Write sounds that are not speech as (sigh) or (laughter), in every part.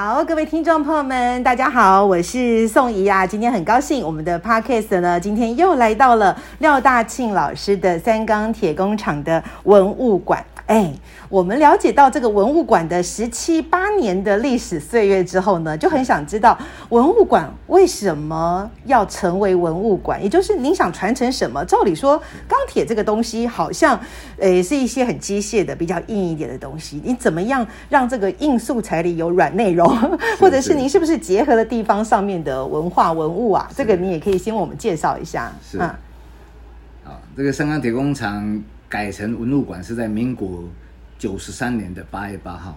好，各位聽眾朋友們，大家好，我是宋怡啊。今天很高興，我們的 podcast 呢，今天又來到了廖大慶老師的三剛鐵工廠的文物館。哎，我們了解到這個文物館的十七八年的歷史歲月之後呢，就很想知道文物館為什麼要成為文物館，也就是您想傳承什麼？照理說，鋼鐵這個東西好像，呃，是一些很機械的、比較硬一點的東西，你怎麼樣讓這個硬素材裡有軟內容，是是或者是您是不是結合了地方上面的文化文物啊？這個你也可以先為我們介紹一下。是。啊，好，這個三剛鐵工廠，改成文物館是在民國九十三年的八月八號，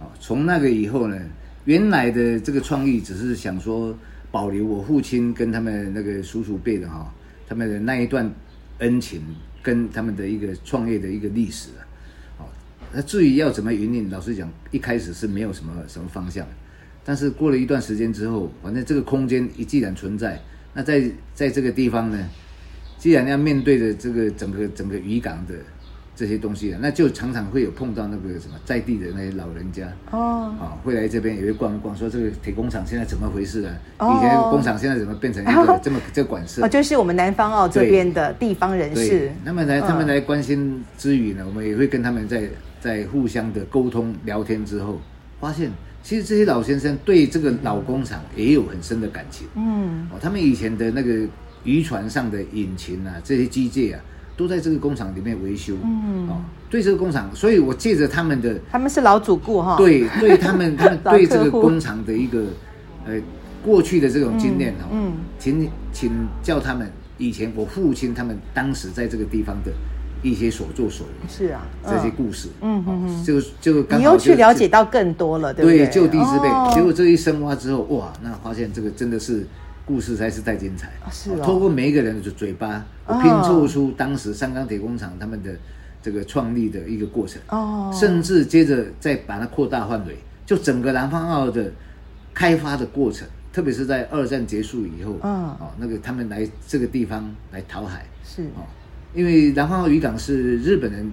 哦，從那個以後呢，原來的這個創意只是想說保留我父親跟他們那個叔叔輩的哈，他們的那一段恩情跟他們的一個創業的一個歷史啊，哦，那至於要怎麼營運，老實講一開始是沒有什麼什麼方向，但是過了一段時間之後，反正這個空間一既然存在，那在在這個地方呢。既然要面對着這個整個整個漁港的這些東西啊，那就常常會有碰到那個什麼在地的那些老人家哦，oh. 啊，會來這邊也會逛一逛說，說這個鐵工廠現在怎麼回事啊？Oh. 以前那個工廠現在怎麼變成一個，oh. 這麼這麼這麼管事？哦、oh,，就是我們南方澳這邊的地方人士。他們來、oh. 他們來關心之餘呢，我們也會跟他們在在互相的溝通聊天之後，發現其實這些老先生對這個老工廠也有很深的感情。嗯，哦，他們以前的那個。漁船上的引擎啊，這些機械啊，都在這個工廠裡面維修。嗯，哦，對這個工廠，所以我借着他們的，他們是老主顧哈。對，對他們， (laughs) 他們對這個工廠的一個，呃，過去的這種經驗哈、嗯。嗯，請，請叫他們以前我父親他們當時在這個地方的一些所作所為，是啊，這些故事。嗯嗯嗯、哦，就就剛好就你又去了解到更多了，對對，對。就地之輩，哦、結果這一深挖之後，哇，那發現這個真的是。故事才是帶精彩。啊是啊、哦哦，透過每一個人的嘴巴、哦、我拼湊出當時三剛鐵工廠他們的這個創立的一個過程。哦，甚至接着再把它擴大範圍，就整個南方澳的開發的過程，特別是在二戰結束以後。嗯、哦，哦，那個他們來這個地方來討海。是哦，因為南方澳漁港是日本人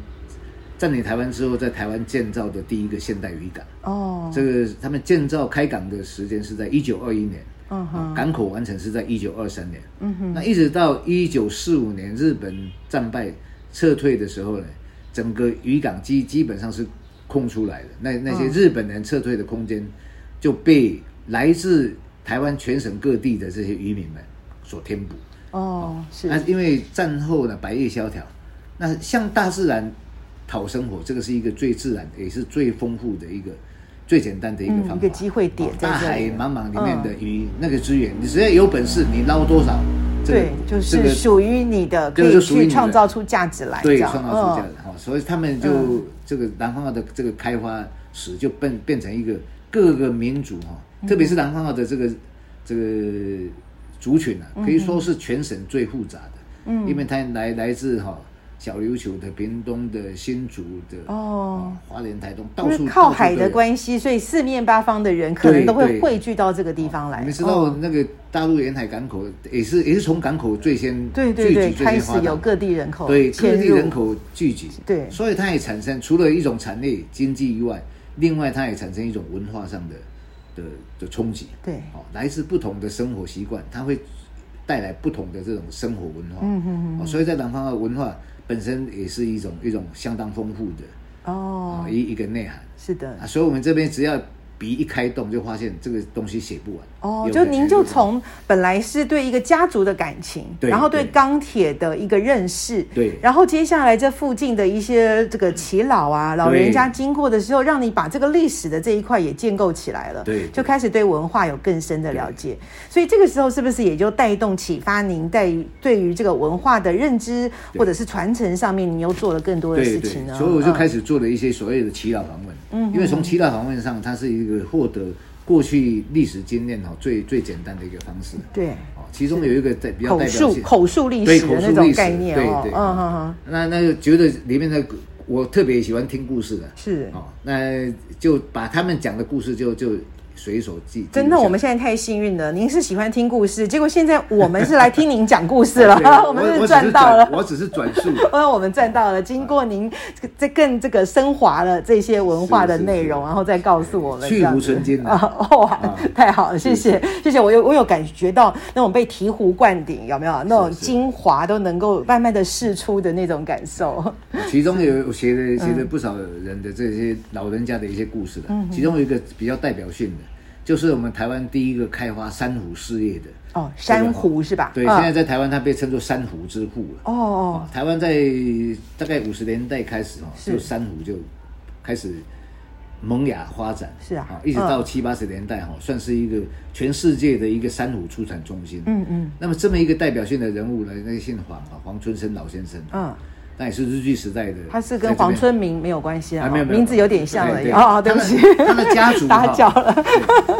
佔領台灣之後在台灣建造的第一個現代漁港。哦，這個他們建造開港的時間是在一九二一年。Uh -huh. 港口完成是在一九二三年，uh -huh. 那一直到一九四五年日本戰敗撤退的時候呢，整個漁港基基本上是空出來的。那那些日本人撤退的空間就被來自台灣全省各地的這些漁民們所填補。Uh -huh. 哦，是。那因為戰後呢，百業蕭條，那向大自然討生活，這個是一個最自然也是最豐富的一個。最簡單的一個方法、嗯、一個機會點、oh,，大海茫茫裡面的魚、嗯、那個資源，你只要有本事、嗯，你撈多少，對、這個就是，就是屬於你的，可以去創造出價值來，對，創造出價值哈、嗯哦。所以他們就、嗯、這個南方澳的這個開發史就變變成一個各個民族哈，特別是南方澳的這個這個族群啊、嗯，可以說是全省最複雜的，嗯，因為它來來自哈、哦。小琉球的，屏東的，新竹的哦，花蓮台東，哦、到處，是靠海的關係，所以四面八方的人可能都會匯聚到這個地方來。你、哦、知道、哦、那個大陸沿海港口也是也是從港口最先聚集先開始有各地人口，對各地人口聚集，對，所以它也產生除了一種產業經濟以外，另外它也產生一種文化上的的的衝擊，對，哦，來自不同的生活習慣，它會帶來不同的這種生活文化，嗯哼嗯嗯、哦，所以在南方的文化。本身也是一種一種相當豐富的哦，一一個內涵，是的，所以我們這邊只要。筆一開動，就發現這個東西寫不完哦。就您就從本來是對一個家族的感情，然後對鋼鐵的一個認識，對，然後接下來這附近的一些這個耆老啊，老人家經過的時候，讓你把這個歷史的這一塊也建構起來了對，對，就開始對文化有更深的了解。所以這個時候是不是也就帶動啟發您在於對於這個文化的認知或者是傳承上面，你又做了更多的事情呢？所以我就開始做了一些所謂的耆老訪問，嗯哼哼，因為從耆老訪問上，它是一個。獲得過去歷史經驗最最簡單的一個方式。對，哦，其中有一個在比較代表性是口述口述歷史的，對口述歷史那種概念、哦，對對，嗯、那那就覺得裡面的我特別喜歡聽故事的、啊，是哦，那就把他們講的故事就就隨手記，記真的，我們現在太幸運了。您是喜歡聽故事，結果現在我們是來聽您講故事了。 (laughs) okay, (laughs) 我們是賺到了，我只是轉述。當然，我, (laughs) 我,我們賺到了。經過您這更這個升華了這些文化的內容，是是是，然後再告訴我們，去蕪存菁。啊！哇，啊、太好了，謝謝是是謝謝。我有我有感覺到那種被醍醐灌頂，有沒有那種精華都能夠慢慢的釋出的那種感受。是是，其中有寫的寫了不少人的這些老人家的一些故事的、嗯，其中有一個比較代表性的。就是我們台灣第一個開發珊瑚事業的哦，珊瑚是吧？對、哦，現在在台灣它被稱作“珊瑚之父”了。哦哦，台灣在大概五十年代開始哦，就珊瑚就開始萌芽發展。是啊，一直到七八十年代哈、哦哦，算是一個全世界的一個珊瑚出產中心。嗯嗯，那麼這麼一個代表性的人物呢，那個姓黃啊，黃春生老先生。嗯、哦。那也是日據時代的，他是跟黃春明沒有關係啊，名字有點像而已哦，對不起。他的，他的家族打攪了，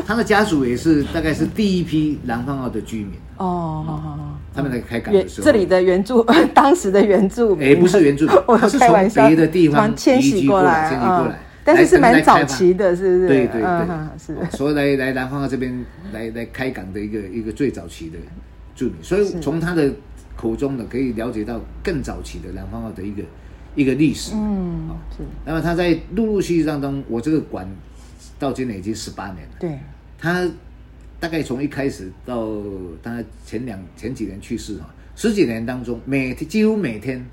他的家族也是， (laughs) 族也是 (laughs) 大概是第一批南方澳的居民哦、嗯、哦，他們在開港的時候，嗯嗯、這裡的原住，當時的原住民，哎、欸，不是原住民， (laughs) 他是從別的地方遷徙過來，遷徙過、哦、過來，但是是蠻早期的，是不是？對對對、嗯，是，所以來來南方澳這邊來來開港的一個一個最早期的住民，所以從他的。口中的可以了解到更早期的南方澳的一個一個歷史，嗯，是。那麼他在陸陸續續當中，我這個館到今年已經十八年了。對，他大概從一開始到他前兩前幾年去世哈，十幾年當中，每幾乎每天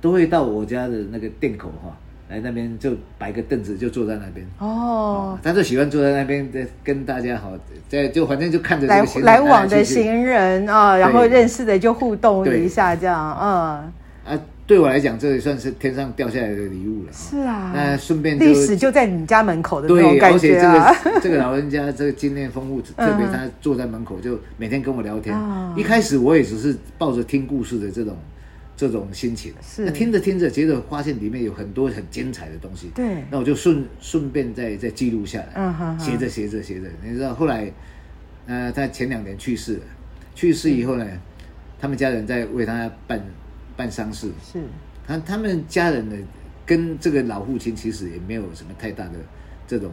都會到我家的那個店口哈。哦來那邊就擺個凳子，就坐在那邊哦。哦，他就喜歡坐在那邊，跟跟大家好，在就反正就看着這個來來往的行人啊、哦，然後認識的就互動一下，這樣，嗯。啊，對我來講，這也算是天上掉下來的禮物了。是啊，那、啊、順便就歷史就在你家門口的時候，感覺、啊這個 (laughs) 這個老人家這個經驗豐富，特別他坐在門口就每天跟我聊天。嗯、一開始我也只是抱着聽故事的這種。這種心情是，那聽着聽着，覺得發現裡面有很多很精彩的東西。對，那我就順順便再再記錄下來，嗯哼，寫着寫着寫着，你知道後來，呃，他前兩年去世，去世以後呢，嗯、他們家人在為他辦、嗯、辦喪事。是，他他們家人呢，跟這個老父親其實也沒有什麼太大的這種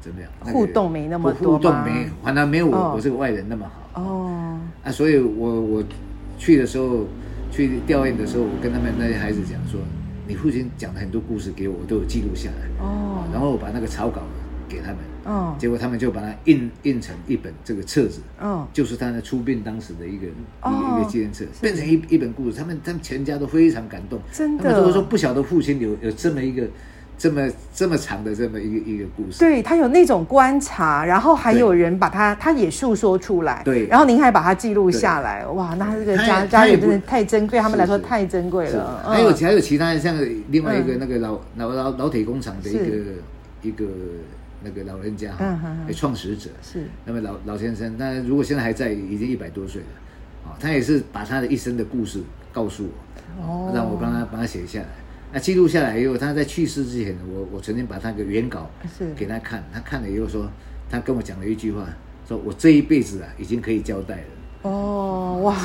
怎麼樣，那個，互動沒那麼好。互動沒，反而沒有我、哦、我這個外人那麼好。哦，啊，所以我我去的時候。去弔唁的時候，我跟他們那些孩子講說，你父親講的很多故事給我，我都有記錄下來。哦、oh.，然後我把那個草稿給他們。哦、oh.，結果他們就把它印印成一本這個冊子。哦、oh.，就是他的出殯當時的一個、oh. 一個紀念冊，變成一一本故事。他們他們全家都非常感動，真的。他們都說不曉得父親有有這麼一個，這麼這麼長的這麼一個一個故事，對，他有那種觀察，然後還有人把他他也訴說出來，對，然後您還把它記錄下來，哇，那這個家家也，也不能太珍貴是是，他們來說太珍貴了。還有、哦、還有其他像另外一個那個老、嗯、老老老鐵工廠的一個一個那個老人家，嗯嗯嗯，創、嗯、始者是，那麼老老先生，那如果現在還在，已經一百多歲了，啊、哦，他也是把他的一生的故事告訴我，哦，哦讓我幫他、哦、幫他寫下來。啊，記錄下來以後，他在去世之前，我我曾經把他一個原稿是給他看，他看了以後說，他跟我講了一句話，說我這一輩子啊，已經可以交代了。哦，哇！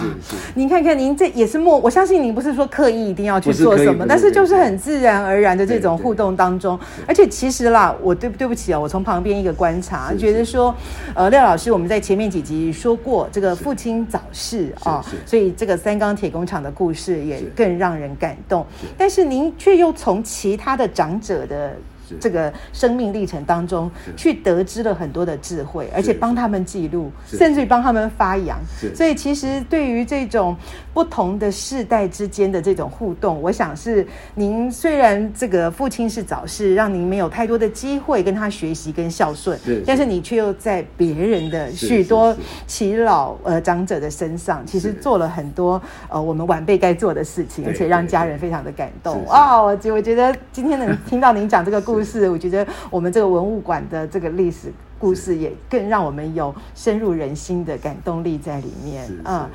您看看，您這也是默。我相信您不是說刻意一定要去做什麼，是但是就是很自然而然的這種互動當中。而且其實啦，我對對不起啊，我從旁邊一個觀察，覺得說，呃，廖老師，我們在前面幾集說過這個父親早逝啊、哦，所以這個三剛鐵工廠的故事也更讓人感動。是是但是您卻又從其他的長者的。這個生命歷程當中，去得知了很多的智慧，而且幫他們記錄，甚至於幫他們發揚。所以，其實對於這種。不同的世代之間的這種互動，我想是您，雖然這個父親是早逝，讓您沒有太多的機會跟他學習跟孝順，是是，但是你卻又在別人的許多耆老呃長者的身上是是是，其實做了很多呃我們晚輩該做的事情是是，而且讓家人非常的感動啊、哦！我覺我覺得今天能聽到您講這個故事， (laughs) 我覺得我們這個文物館的這個歷史故事也更讓我們有深入人心的感動力在裡面啊。是是嗯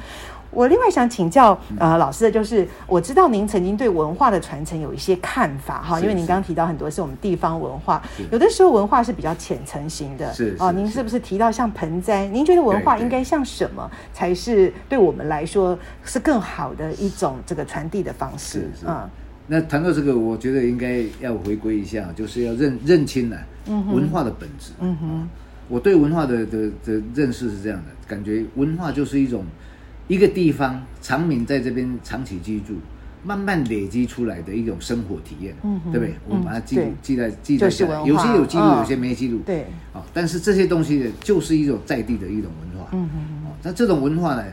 我另外想請教呃老師的就是，我知道您曾經對文化的傳承有一些看法哈，因為您剛剛提到很多是我們地方文化，有的時候文化是比較淺層型的，是啊、哦，您是不是提到像盆栽？是是您覺得文化應該像什麼才是對我們來說是更好的一種這個傳遞的方式啊、嗯？那談到這個，我覺得應該要回歸一下，就是要認認清了、啊、文化的本質、嗯啊。嗯哼，我對文化的的的認識是這樣的，感覺文化就是一種。一個地方，常民在這邊長期居住，慢慢累積出來的一種生活體驗，嗯、對不對？我們把它記錄、嗯、記在記在下來。有些有記錄、哦，有些沒記錄。對、哦，但是這些東西呢，就是一種在地的一種文化。嗯那、哦、這種文化呢，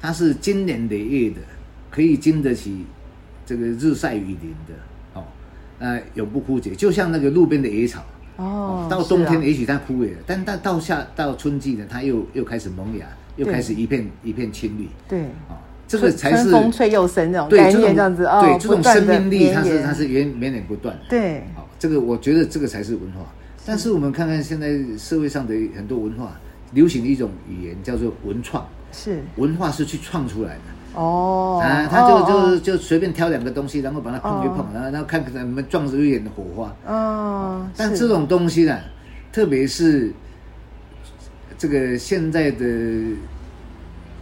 它是經年累月的，可以經得起這個日曬雨淋的，哦，那永不枯竭。就像那個路邊的野草，哦，哦到冬天也許它枯萎了、啊，但但到夏到春季呢，它又又開始萌芽。又開始一片一片青綠，對啊、哦，這個才是春風吹又生對，這種這樣子，對，哦、對這種生命力它是它是源源不斷，對，好、哦，這個我覺得這個才是文化是。但是我們看看現在社會上的很多文化，流行的一種語言叫做文創，是文化是去創出來的，哦，啊，他就、哦、就就隨便挑兩個東西，然後把它碰一碰，然、哦、後然後看看能不能撞出一點的火花哦，哦，但這種東西呢、啊，特別是。這個現在的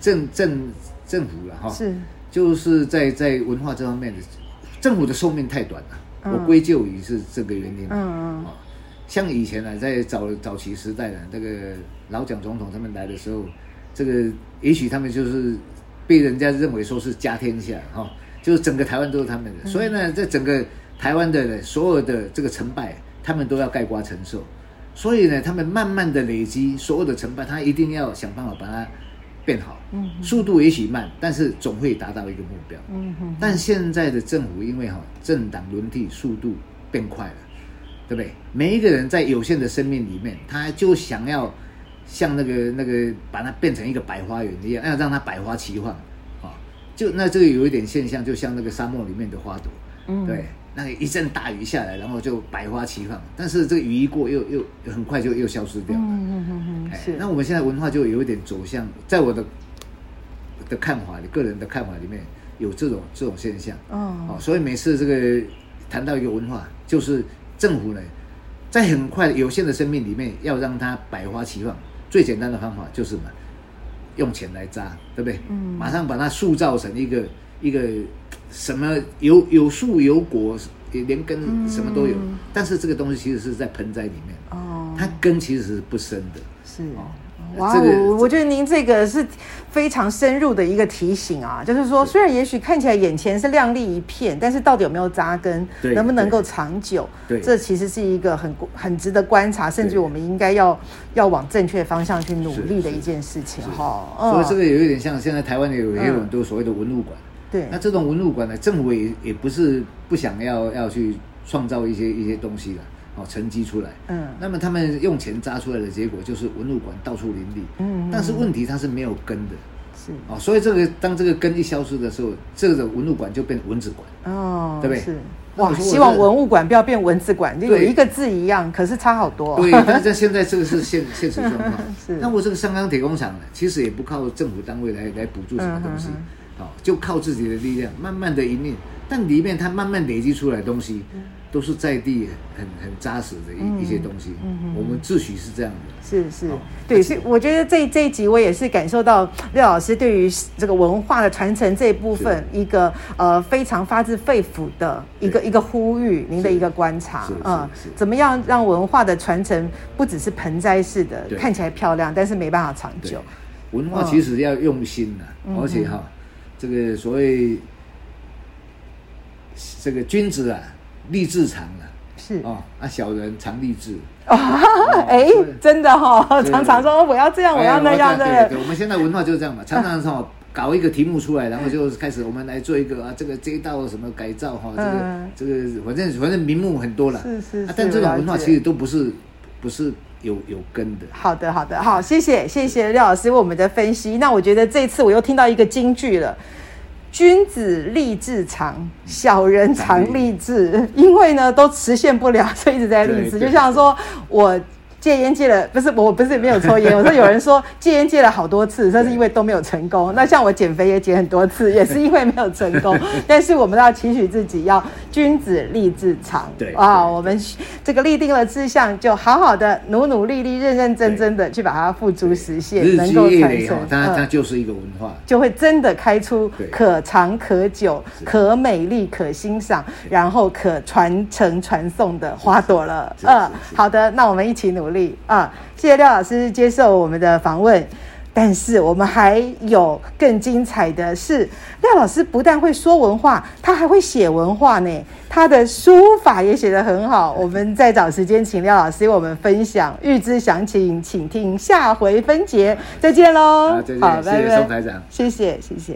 政政政府了，啊、哈，是，就是在在文化這方面的政府的壽命太短了，嗯，我歸咎於是這個原因，嗯嗯，嗯，啊，像以前呢，啊，在早早期時代呢，啊，這個老蔣總統他們來的時候，這個也許他們就是被人家認為說是家天下，哈，哦，就是整個台灣都是他們的，嗯，所以呢，在整個台灣的所有的這個成敗，他們都要概括承受。所以呢，他們慢慢的累積所有的成敗，他一定要想辦法把它變好。嗯，速度也許慢，但是總會達到一個目標。嗯，但現在的政府因為哈政黨輪替速度變快了，對不對？每一個人在有限的生命裡面，他就想要像那個那個把它變成一個百花園一樣，要讓它百花齊放。就那這個有一點現象，就像那個沙漠裡面的花朵。嗯，對。那個、一陣大雨下來，然後就百花齊放，但是這個雨一過又，又又很快就又消失掉了。嗯、是、哎。那我們現在文化就有一點走向，在我的的看法，個人的看法裡面，有這種這種現象。哦，哦，所以每次這個談到一個文化，就是政府呢，在很快有限的生命裡面，要讓它百花齊放，最簡單的方法就是什麼？用錢來砸，對不對？嗯，馬上把它塑造成一個一個。什麼有有樹有果，連根什麼都有、嗯，但是這個東西其實是在盆栽裡面，哦，它根其實是不深的。是，哇，這個、我覺得您這個是非常深入的一個提醒啊，就是說，是雖然也許看起來眼前是亮麗一片，但是到底有沒有扎根，能不能夠長久對對，這其實是一個很很值得觀察，甚至我們應該要要往正確方向去努力的一件事情、哦、所以這個有一點像現在台灣有也有很多所謂的文物館。嗯對，那這種文物館呢，政府也也不是不想要要去創造一些一些東西了哦，沉積出來。嗯，那麼他們用錢砸出來的結果就是文物館到處林立。嗯，嗯。但是問題它是沒有根的，是哦，所以這個當這個根一消失的時候，這個文物館就變蚊子館。哦，對不對？是，哇，我我是，希望文物館不要變蚊子館。有一個字一樣，可是差好多。對，但是現在這個是現 (laughs) 現實狀況。 (laughs) 是。那我這個三剛鐵工廠呢，呢其實也不靠政府單位來來補助什麼東西。嗯哼哼哦，就靠自己的力量，慢慢的一念但裡面它慢慢累積出來東西，都是在地很很扎實的一一些東西。嗯嗯。我們自詡是這樣的。是是、哦，對，所以我覺得這這一集我也是感受到廖老師對於這個文化的傳承這一部分，一個呃非常發自肺腑的一個一個呼籲，您的一個觀察嗯、呃，怎麼樣讓文化的傳承不只是盆栽式的看起來漂亮，但是沒辦法長久。文化其實要用心的、啊哦，而且哈。嗯嗯這個所謂這個君子啊，立志長啊，是、哦、啊啊，小人常立志啊，哎、哦哦欸，真的哈、哦，常常說我、哦、我要這樣，哎、我要那樣對對對、對， (laughs) 對，我們現在文化就是這樣嘛，常常說、啊、搞一個題目出來，然後就開始我們來做一個啊，這個街道什麼改造哈、啊嗯，這個這個反正反正名目很多了，是是、是、啊，但這種文化其實都不是不是。有有跟的。好的，好的，好，謝謝，謝謝廖老師為我們的分析。那我覺得這一次我又聽到一個金句了：君子立志常，小人常立志。因為呢，都實現不了，所以一直在立志。對對對就像說我。戒煙戒了，不是我，不是沒有抽煙，我說有人說戒煙戒了好多次，這是因為都沒有成功。那像我減肥也減很多次，也是因為沒有成功。 (laughs) 但是我們都要期許自己，要君子立志長。對啊對，我們這個立定了志向，就好好的努努力力、認認真真的去把它付諸實現，能夠傳承、日積月累哦嗯、它它就是一個文化，就會真的開出可長可久、可美麗、可欣賞，然後可傳承傳送的花朵了。呃，好的，那我們一起努力。啊，謝謝廖老師接受我們的訪問，但是我們還有更精彩的是，廖老師不但會說文化，他還會寫文化呢，他的書法也寫得很好。我們再找時間請廖老師為我們分享，欲知詳情，請聽下回分解。再見嘍。啊，好，謝謝宋台長，謝謝，謝謝。